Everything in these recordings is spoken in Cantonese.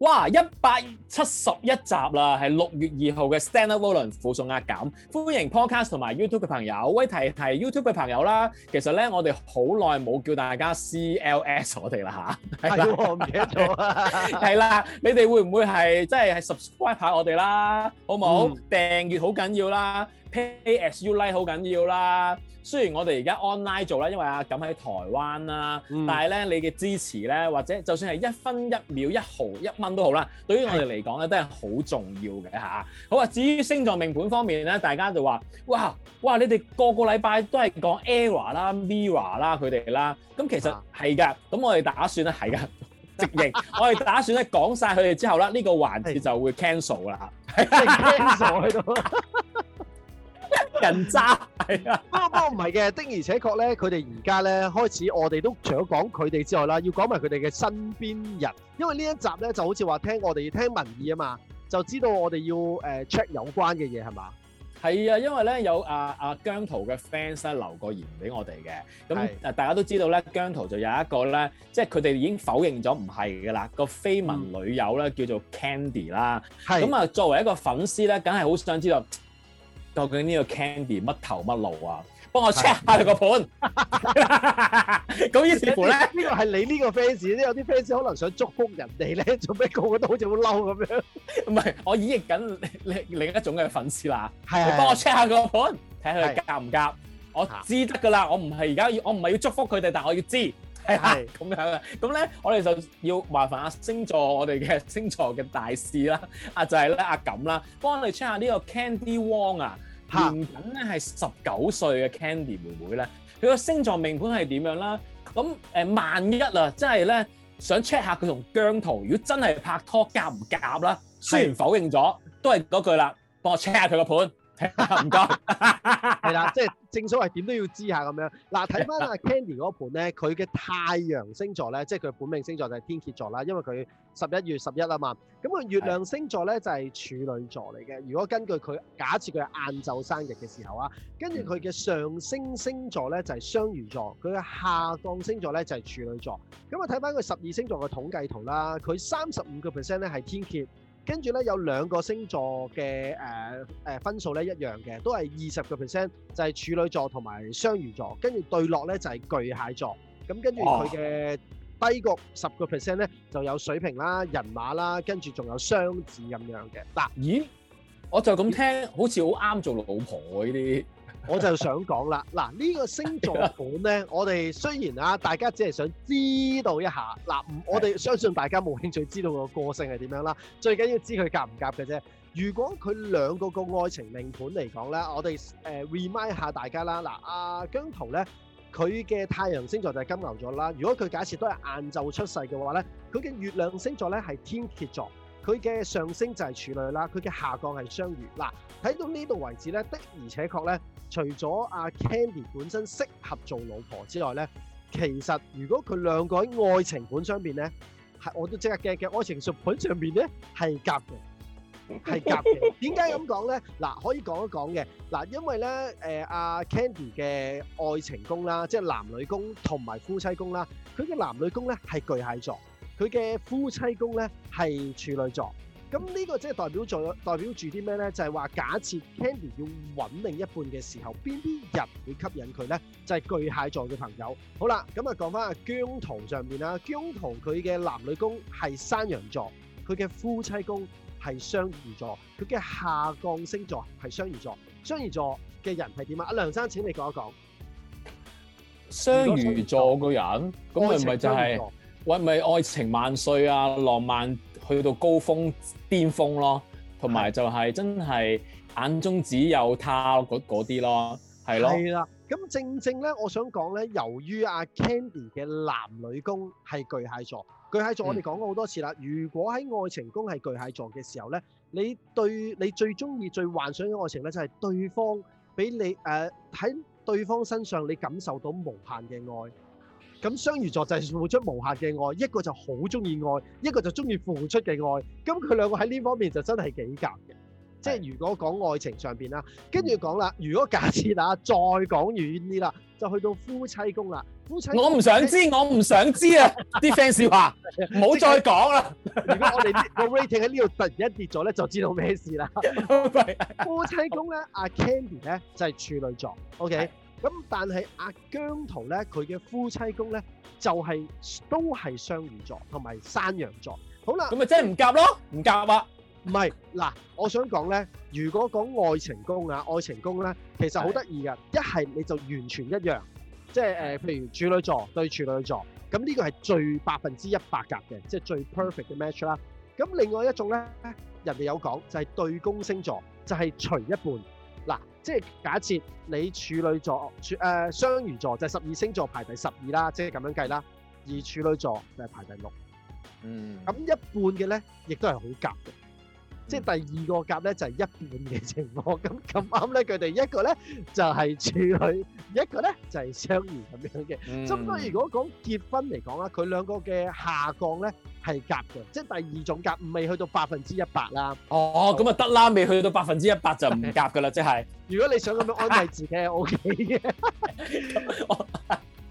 哇！一百七十一集啦，係六月二號嘅 Stanley w a l l e 附送重壓減，歡迎 Podcast 同埋 YouTube 嘅朋友，喂，提提 YouTube 嘅朋友啦。其實咧，我哋好耐冇叫大家 CLS 我哋啦吓，係啦、哎呀，我唔記得咗啦，係啦，你哋會唔會係即係係 subscribe 下我哋啦？好唔好？訂閱好緊要啦。Pay as you like 好緊要啦，雖然我哋而家 online 做啦，因為阿錦喺台灣啦，嗯、但係咧你嘅支持咧，或者就算係一分一秒一毫一蚊都好啦，對於我哋嚟講咧是都係好重要嘅吓、啊，好啊，至於星座命盤方面咧，大家就話，哇哇你哋個個禮拜都係講 ERROR、ER、啦、MIRROR 啦佢哋啦，咁其實係㗎，咁我哋打算咧係㗎，啊、直認， 我哋打算咧講晒佢哋之後咧，呢、呢個環節就會 cancel 啦 cancel 喺度。是 人渣，啊、 不過不過唔係嘅，的而且確咧，佢哋而家咧開始，我哋都除咗講佢哋之外啦，要講埋佢哋嘅身邊人，因為呢一集咧就好似話聽我哋聽民意啊嘛，就知道我哋要誒 check 有關嘅嘢係嘛？係啊，因為咧有阿、啊、阿姜濤嘅 fans 留個言俾我哋嘅，咁啊大家都知道咧，姜濤就有一個咧，即係佢哋已經否認咗唔係嘅啦，個緋聞女友咧叫做 Candy 啦，咁啊作為一個粉絲咧，梗係好想知道。究竟呢個 candy 乜頭乜路啊？幫我 check 下個盤。咁 於是乎咧，呢個係你呢個 fans，呢有啲 fans 可能想祝福人哋咧，做咩個個都好似好嬲咁樣？唔 係，我演繹緊另另一種嘅粉絲啦。係係的。幫我 check 下個盤，睇佢夾唔夾？我知得㗎啦，我唔係而家要，我唔係要祝福佢哋，但我要知。係係。咁的樣嘅，咁咧我哋就要麻煩阿、啊、星座我哋嘅星座嘅大師啦。就是、啊就係咧阿錦啦，幫我哋 check 下呢個 Candy Wong 啊！年僅係十九歲嘅 Candy 妹妹咧，佢個星座命盤係點樣啦？咁萬一啊，即係咧想 check 下佢同姜濤，如果真係拍拖夾唔夾啦？雖然否認咗，都係嗰句啦，幫我 check 下佢個盤。唔該，係啦 煩你， 即係正所謂點都要知下咁樣。嗱，睇翻阿 Candy 嗰盤咧，佢嘅太陽星座咧，即係佢本命星座就係天蠍座啦，因為佢十一月十一啊嘛。咁啊，月亮星座咧就係處女座嚟嘅。如果根據佢假設佢係晏晝生日嘅時候啊，跟住佢嘅上升星，星座咧就係雙魚座，佢嘅下降星座咧就係處女座。咁我睇翻佢十二星座嘅統計圖啦，佢三十五個 percent 咧係天蠍。跟住咧，有兩個星座嘅誒誒分數咧一樣嘅，都係二十個 percent，就係、是、處女座同埋雙魚座。跟住對落咧就係巨蟹座。咁跟住佢嘅低過十個 percent 咧就有水瓶啦、人馬啦，跟住仲有雙子咁樣嘅。嗱，咦？我就咁聽，是好似好啱做老婆呢、啊、啲。我就想講啦，嗱，呢個星座盤呢，我哋雖然啊，大家只係想知道一下，嗱，我哋相信大家冇興趣知道個個性係點樣啦，最緊要知佢夾唔夾嘅啫。如果佢兩個個愛情命盤嚟講呢，我哋誒 remind 下大家啦，嗱，阿姜濤呢，佢嘅太陽星座就係金牛座啦。如果佢假設都係晏晝出世嘅話呢，佢嘅月亮星座呢係天蠍座。佢嘅上升就係處女啦，佢嘅下降係雙魚。嗱，睇到呢度為止咧，的而且確咧，除咗阿 Candy 本身適合做老婆之外咧，其實如果佢兩個喺愛情盤上邊咧，係我都即刻驚嘅。愛情盤上邊咧係夾嘅，係夾嘅。點解咁講咧？嗱，可以講一講嘅嗱，因為咧誒阿 Candy 嘅愛情宮啦，即係男女宮同埋夫妻宮啦，佢嘅男女宮咧係巨蟹座。佢嘅夫妻宮咧係處女座，咁呢個即係代表咗代表住啲咩咧？就係話假設 Candy 要揾另一半嘅時候，邊啲人會吸引佢咧？就係巨蟹座嘅朋友。好啦，咁啊講翻阿姜濤上面啦，姜濤佢嘅男女宮係山羊座，佢嘅夫妻宮係雙魚座，佢嘅下降星座係雙魚座。雙魚座嘅人係點啊？阿梁生，請你講一講。雙魚座嘅人，咁係唔係就係？喂，咪愛情萬歲啊！浪漫去到高峰、巔峰咯，同埋就係真係眼中只有他嗰嗰啲咯，係咯。係啦，咁正正咧，我想講咧，由於阿 Candy 嘅男女宮係巨蟹座，巨蟹座我哋講過好多次啦。如果喺愛情宮係巨蟹座嘅時候咧，你對你最中意、最幻想嘅愛情咧，就係對方俾你誒喺對方身上，你感受到無限嘅愛。咁雙魚座就係付出無限嘅愛，一個就好中意愛，一個就中意付出嘅愛。咁佢兩個喺呢方面就真係幾夾嘅。即係如果講愛情上邊啦，跟住講啦，如果假設啊，再講遠啲啦，就去到夫妻宮啦。夫妻宮我唔想知，我唔想知啊！啲 fans 話，唔好再講啦。如果我哋個 rating 喺呢度突然一跌咗咧，就知道咩事啦。夫妻宮咧，阿 Candy 咧就係處女座，OK。咁但係阿姜濤咧，佢嘅夫妻宮咧就係都係雙魚座同埋山羊座。好啦，咁咪即係唔夾咯，唔夾啊！唔係嗱，我想講咧，如果講愛情宮啊，愛情宮咧，其實好得意噶。一係你就完全一樣，即係誒，譬如處女座對處女座，咁呢個係最百分之一百夾嘅，即係最 perfect 嘅 match 啦。咁另外一種咧，人哋有講就係對宮星座，就係除一半。即係假設你處女座、處誒，呃、雙魚座就係十二星座排第十二啦，即係咁樣計啦，而處女座就係排第六，嗯，咁一半嘅咧，亦都係好夾嘅。即係第二個夾咧就係、是、一半嘅情況，咁咁啱咧佢哋一個咧就係、是、處女，一個咧就係、是、雙魚咁樣嘅。咁、嗯、所以如果講結婚嚟講啦，佢兩個嘅下降咧係夾嘅，即係第二種夾未去到百分之一百啦。哦，咁啊得啦，未去到百分之一百就唔夾噶啦， 即係是。如果你想咁樣安慰自己，OK 嘅。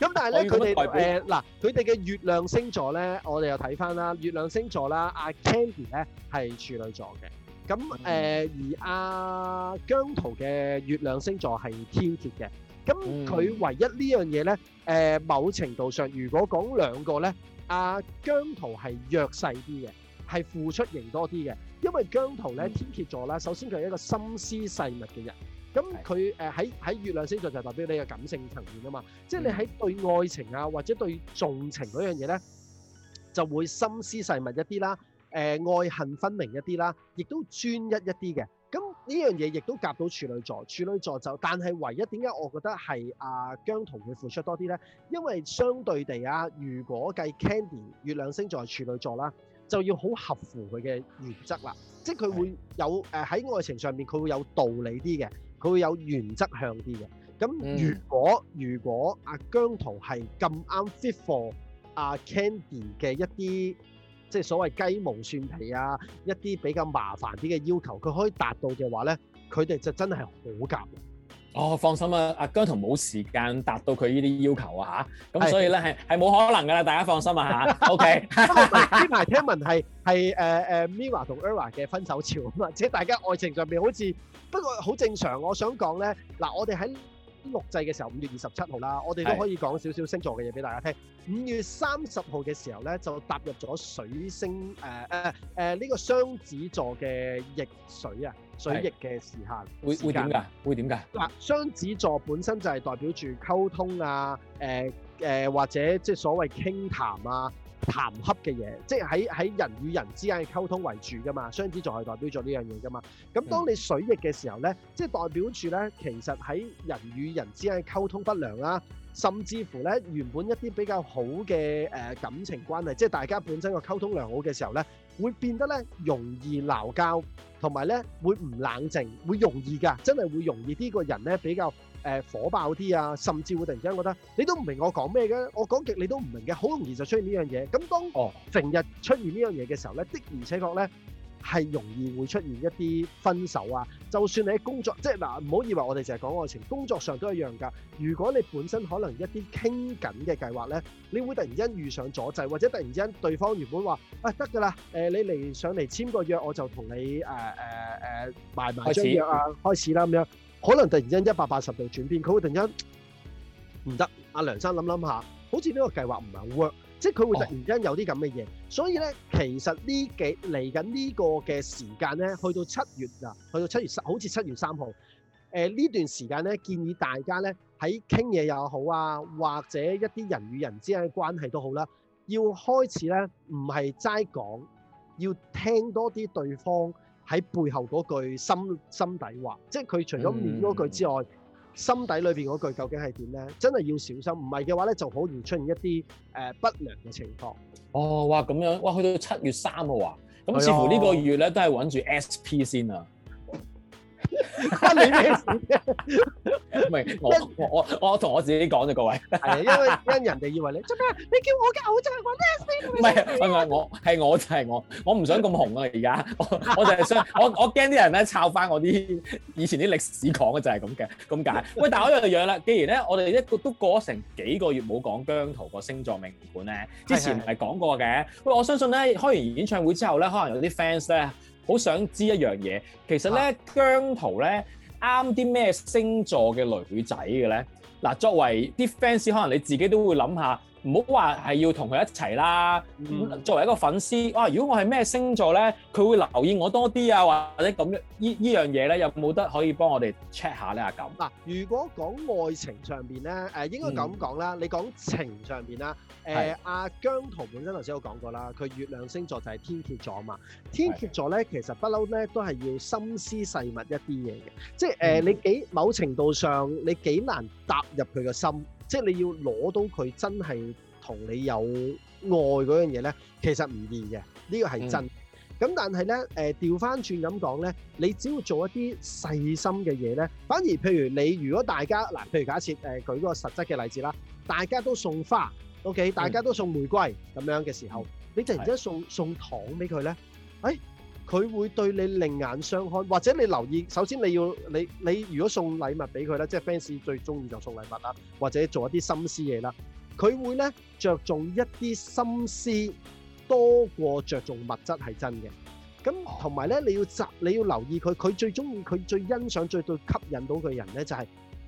咁但係咧佢哋誒，嗱佢哋嘅月亮星座咧，我哋又睇翻啦，月亮星座啦，阿 Candy 咧係處女座嘅。咁誒而阿姜濤嘅月亮星座係天蠍嘅，咁佢唯一呢樣嘢咧誒，某程度上，如果講兩個咧，阿姜濤係弱勢啲嘅，係付出型多啲嘅，因為姜濤咧天蠍座啦，首先佢係一個心思細密嘅人。咁佢誒喺喺月亮星座就代表你嘅感性層面啊嘛，即係你喺對愛情啊或者對重情嗰樣嘢咧，就會心思細密一啲啦，誒、呃、愛恨分明一啲啦，亦都專一一啲嘅。咁呢樣嘢亦都夾到處女座，處女座就但係唯一點解我覺得係阿姜濤會付出多啲咧，因為相對地啊，如果計 Candy 月亮星座係處女座啦，就要好合乎佢嘅原則啦，即係佢會有誒喺的、呃、愛情上面佢會有道理啲嘅。佢會有原則向啲嘅，咁如果、嗯、如果阿姜濤係咁啱 fit for 阿 Candy 嘅一啲即係所謂雞毛蒜皮啊，一啲比較麻煩啲嘅要求，佢可以達到嘅話咧，佢哋就真係好夾。哦，放心啊，阿姜濤冇時間達到佢呢啲要求啊嚇，咁所以咧係係冇可能噶啦，大家放心啊嚇 ，OK。呢 排聽聞係係誒誒 Mia 同 Era 嘅分手潮啊嘛，即 係大家愛情上面好似不過好正常。我想講咧，嗱，我哋喺錄製嘅時候五月二十七號啦，我哋都可以講少少星座嘅嘢俾大家聽。五月三十號嘅時候咧，就踏入咗水星誒誒誒呢個雙子座嘅逆水啊！水逆嘅時候會會點㗎？會點㗎？嗱，雙子座本身就係代表住溝通啊，誒誒或者即係所謂傾談啊、談洽嘅嘢，即係喺喺人與人之間嘅溝通為主㗎嘛。雙子座係代表咗呢樣嘢㗎嘛。咁當你水逆嘅時候咧，即係代表住咧，其實喺人與人之間嘅溝通不良啦，甚至乎咧原本一啲比較好嘅誒感情關係，即係大家本身個溝通良好嘅時候咧，會變得咧容易鬧交，同埋咧會唔冷靜，會容易噶，真係會容易啲個人咧比較誒、呃、火爆啲啊，甚至會突然之間覺得你都唔明我講咩嘅，我講極你都唔明嘅，好容易就出現呢樣嘢。咁當哦，成日出現呢樣嘢嘅時候咧，的而且確咧。係容易會出現一啲分手啊，就算你喺工作，即係嗱，唔好以為我哋淨係講愛情，工作上都一樣噶。如果你本身可能一啲傾緊嘅計劃咧，你會突然之間遇上阻滯，或者突然之間對方原本話，啊得噶啦，誒、呃、你嚟上嚟簽個約，我就同你誒誒誒埋埋張約啊，開始啦咁樣。可能突然之間一百八十度轉變，佢會突然間唔得。阿梁生諗諗下，好似呢個計劃唔係 work。即係佢會突然間有啲咁嘅嘢，Oh. 所以咧其實呢幾嚟緊呢個嘅時間咧，去到七月啊，去到七月十，好似七月三號。誒、呃、呢段時間咧，建議大家咧喺傾嘢又好啊，或者一啲人與人之間嘅關係都好啦、啊，要開始咧唔係齋講，要聽多啲對方喺背後嗰句心心底話，即係佢除咗面嗰句之外。Mm-hmm. 心底裏面嗰句究竟係點呢？真係要小心，唔係嘅話呢，就好易出現一啲不良嘅情況。哦，哇，咁樣，哇，去到七月三號啊，咁似乎呢個月呢、哎、呦都係揾住 SP 先啊。關你咩事啫？唔 係我我我同我，我，我自己講啫，各位。係 因為因為人哋以為你做咩？ 你叫我嘅偶像、啊，講咩先？唔係係我係我就係、是、我，我唔想咁紅啊！而家我我就係想， 我我驚啲人咧抄翻我啲以前啲歷史講嘅就係咁嘅咁解。喂，但係我又要樣啦。既然咧，我哋一個都過咗成幾個月冇講姜濤個星座命盤咧，之前唔係講過嘅。的喂，我相信咧，開完演唱會之後咧，可能有啲 fans 咧。好想知一樣嘢，其實咧，姜濤咧啱啲咩星座嘅女仔嘅咧？嗱，作為啲 fans，可能你自己都會諗下。唔好話係要同佢一齊啦。咁作為一個粉絲，哇！如果我係咩星座咧，佢會留意我多啲啊，或者咁樣呢呢樣嘢咧，有冇得可以幫我哋 check 下咧？啊咁。嗱，如果講愛情上邊咧，誒應該咁講啦。你講情上邊啦，誒阿姜濤本身頭先有講過啦，佢月亮星座就係天蠍座啊嘛。天蠍座咧，其實不嬲咧，都係要心思細密一啲嘢嘅，即係誒你幾某程度上你幾難踏入佢個心。即係你要攞到佢真係同你有愛嗰樣嘢咧，其實唔易嘅，嗯、呢個係真。咁但係咧，誒調翻轉咁講咧，你只要做一啲細心嘅嘢咧，反而譬如你如果大家嗱，譬如假設誒、呃、舉嗰個實質嘅例子啦，大家都送花，O、okay? K，大家都送玫瑰咁樣嘅時候，嗯、你突然之間送送糖俾佢咧，誒、哎？佢會對你另眼相看，或者你留意，首先你要你你如果送禮物俾佢啦，即係 fans 最中意就送禮物啦，或者做一啲心思嘢啦，佢會咧著重一啲心思多過著重物質係真嘅。咁同埋咧，你要集你要留意佢，佢最中意佢最欣賞最到吸引到佢人咧，就係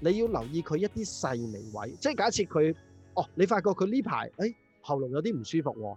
你要留意佢一啲細微位，即係假設佢哦，你發覺佢呢排誒喉嚨有啲唔舒服喎。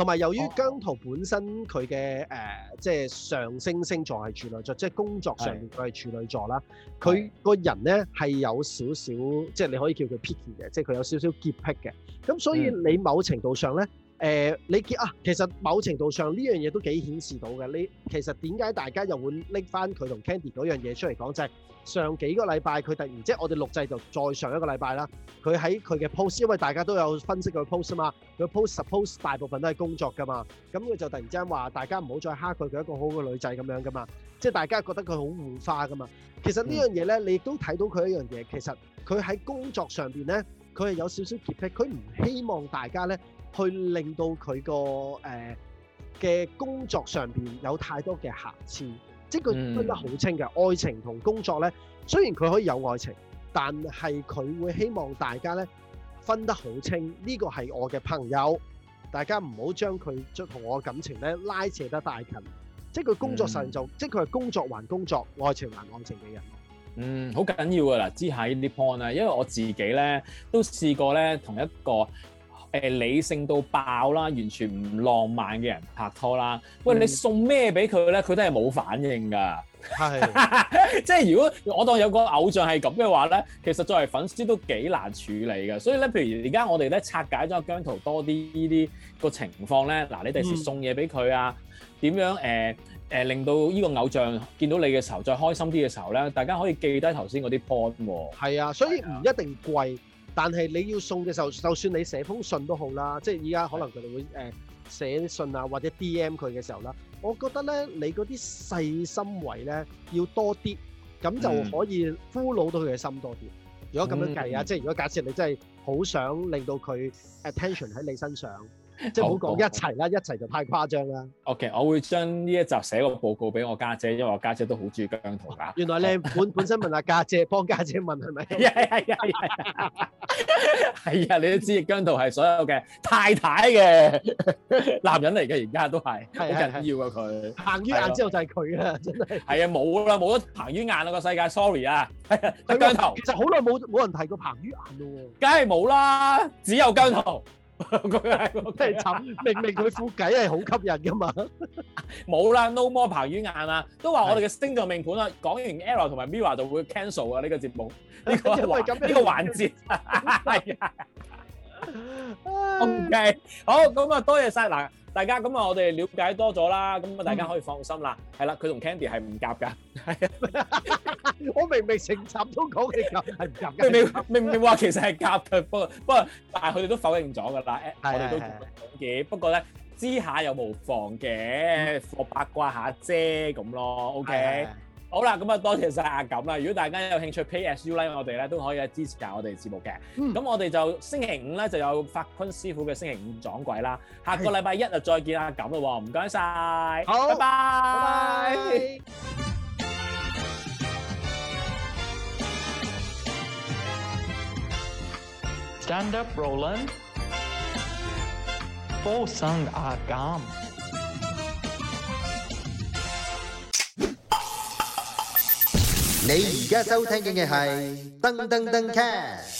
同埋，由於姜濤本身佢嘅誒，即係上升星座係處女座，即係工作上面佢係處女座啦。佢是的 個人咧係有少少，即係你可以叫佢 picky 嘅，即係佢有少少潔癖嘅。咁所以你某程度上咧，嗯誒，你結啊，其實某程度上呢樣嘢都幾顯示到嘅。你其實點解大家又會拎翻佢同 Candy 嗰樣嘢出嚟講，就係上幾個禮拜佢突然即係我哋錄製就再上一個禮拜啦。佢喺佢嘅 post，因為大家都有分析佢 post 嘛，佢 post suppose 大部分都係工作㗎嘛，咁佢就突然之間話大家唔好再蝦佢，佢一個好嘅女仔咁樣㗎嘛，即係大家覺得佢好護花㗎嘛。其實呢樣嘢咧，你亦都睇到佢一樣嘢，其實佢喺工作上面咧，佢係有少少潔癖，佢唔希望大家咧。去令到佢個誒嘅工作上邊有太多嘅瑕疵，即係佢分得好清嘅、嗯、愛情同工作咧。雖然佢可以有愛情，但係佢會希望大家咧分得好清，呢個係我嘅朋友，大家唔好將佢將同我嘅感情咧拉扯得太近。即係佢工作上就、嗯、即係佢係工作還工作，愛情還愛情嘅人。嗯，好緊要㗎啦，知喺呢啲 point 啊，因為我自己咧都試過咧同一個。誒理性到爆啦，完全唔浪漫嘅人拍拖啦。喂，嗯、你送咩俾佢咧？佢都係冇反應㗎。係的，即係 如果我當有個偶像係咁嘅話咧，其實作為粉絲都幾難處理嘅。所以咧，譬如而家我哋咧拆解咗姜濤多啲呢啲個情況咧。嗱，你第時送嘢俾佢啊，點、嗯、樣誒誒、呃、令到呢個偶像見到你嘅時候再開心啲嘅時候咧，大家可以記低頭先嗰啲 point 喎。係啊，所以唔一定貴。的但係你要送嘅時候，就算你寫封信都好啦，即係依家可能佢哋會誒、呃、寫信啊，或者 DM 佢嘅時候啦，我覺得咧你嗰啲細心維咧要多啲，咁就可以俘虜到佢嘅心多啲。如果咁樣計啊，嗯、即係如果假設你真係好想令到佢 attention 喺你身上。即係好講一齊啦，一齊就太誇張啦。OK，我會將呢一集寫一個報告俾我家姐，姐，因為我家姐，姐都好中意姜圖噶。原來你本 本身問阿、啊、家姐，姐，幫家姐，姐問係咪？係啊，你都知姜圖係所有嘅太太嘅男人嚟嘅，而家都係好緊要啊。佢。彭於晏之後就係佢啦，真係。係啊、 哎，冇啦，冇咗彭於晏啦個世界，sorry 啊。係 姜圖濤其實好耐冇冇人提過彭於晏咯喎。梗係冇啦，只有姜圖。佢係我真係蠢。 他是他 明明佢呼計係好吸引噶嘛 沒有，冇啦，no more 彭於晏啦，都話我哋嘅星座命盤啦，講完 ERROR 同埋 MIRROR 就會 cancel 啊呢、這個節目，呢、這個環呢 這個環節，係 OK 好，咁啊多謝晒嗱。大家咁啊，我哋了解多咗啦，咁啊大家可以放心啦。係啦，佢同 Candy 係唔夾㗎。係啊，我明明成集都講嘅，夾，係唔夾嘅。明明明明話其實係夾嘅，不過不過，但係佢哋都否認咗㗎啦。我哋都講嘅。是是是是不過咧，知下又無妨嘅，我、嗯、八卦下啫咁咯。OK 是是是。好啦，咁啊，多謝晒阿錦啦！如果大家有興趣 pay as you like，我哋咧都可以支持下我哋節目嘅。咁、嗯、我哋就星期五咧就有法坤師傅嘅星期五撞鬼啦。下個禮拜一啊，再見阿錦啦！喎，唔該晒，好！拜拜。Bye bye Stand up, Roland. For Sung 阿錦你而家收聽嘅係噔噔噔 cat